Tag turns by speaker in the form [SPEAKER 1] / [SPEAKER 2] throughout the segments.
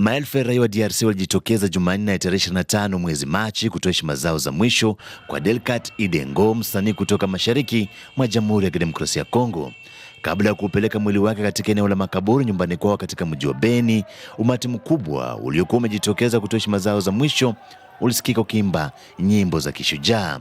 [SPEAKER 1] Maelfu ya raia wa DRC walijitokeza Jumanne ya tarehe 25 mwezi Machi kutoa heshima zao za mwisho kwa Delcat Idengo, msanii kutoka mashariki mwa Jamhuri ya Kidemokrasia ya Kongo, kabla ya kuupeleka mwili wake katika eneo la makaburi nyumbani kwao katika mji wa Beni. Umati mkubwa uliokuwa umejitokeza kutoa heshima zao za mwisho ulisikika ukiimba nyimbo za kishujaa.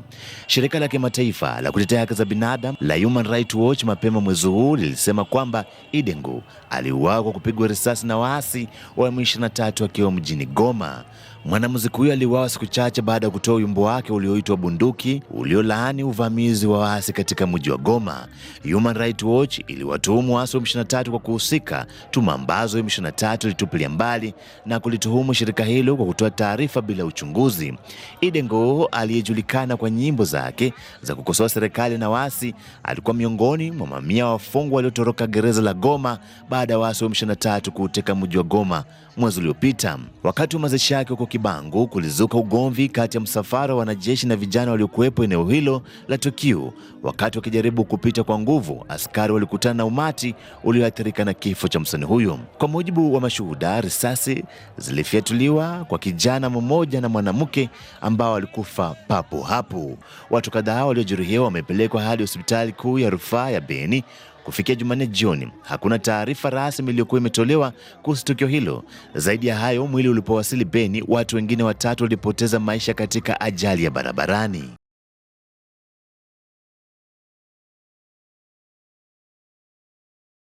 [SPEAKER 1] Shirika la kimataifa la kutetea haki za binadamu la Human Rights Watch mapema mwezi huu lilisema kwamba Idengu aliuawa kwa kupigwa risasi na waasi wa M23 akiwa mjini Goma. Mwanamuziki huyo aliuawa siku chache baada ya kutoa wimbo wake ulioitwa Bunduki uliolaani uvamizi wa waasi katika mji wa Goma. Human Rights Watch iliwatuhumu waasi wa M23 kwa kuhusika, tuma ambazo M23 ilitupilia mbali na kulituhumu shirika hilo kwa kutoa taarifa bila uchunguzi uchaguzi. Idengo aliyejulikana kwa nyimbo zake za kukosoa serikali na waasi alikuwa miongoni mwa mamia wafungwa waliotoroka gereza la Goma baada ya waasi wa M23 kuuteka mji wa Goma mwezi uliopita. Wakati wa mazishi yake huko Kibangu, kulizuka ugomvi kati ya msafara wa wanajeshi na vijana waliokuwepo eneo hilo la tukio. Wakati wakijaribu kupita kwa nguvu, askari walikutana na umati ulioathirika na kifo cha msanii huyo. Kwa mujibu wa mashuhuda, risasi zilifyatuliwa kwa kijana mmoja na mwanamke mke ambao walikufa papo hapo. Watu kadhaa waliojeruhiwa wamepelekwa hadi hospitali kuu ya rufaa ya Beni. Kufikia Jumanne jioni, hakuna taarifa rasmi iliyokuwa imetolewa kuhusu tukio hilo. Zaidi ya hayo, mwili ulipowasili Beni, watu wengine watatu walipoteza maisha katika ajali ya barabarani.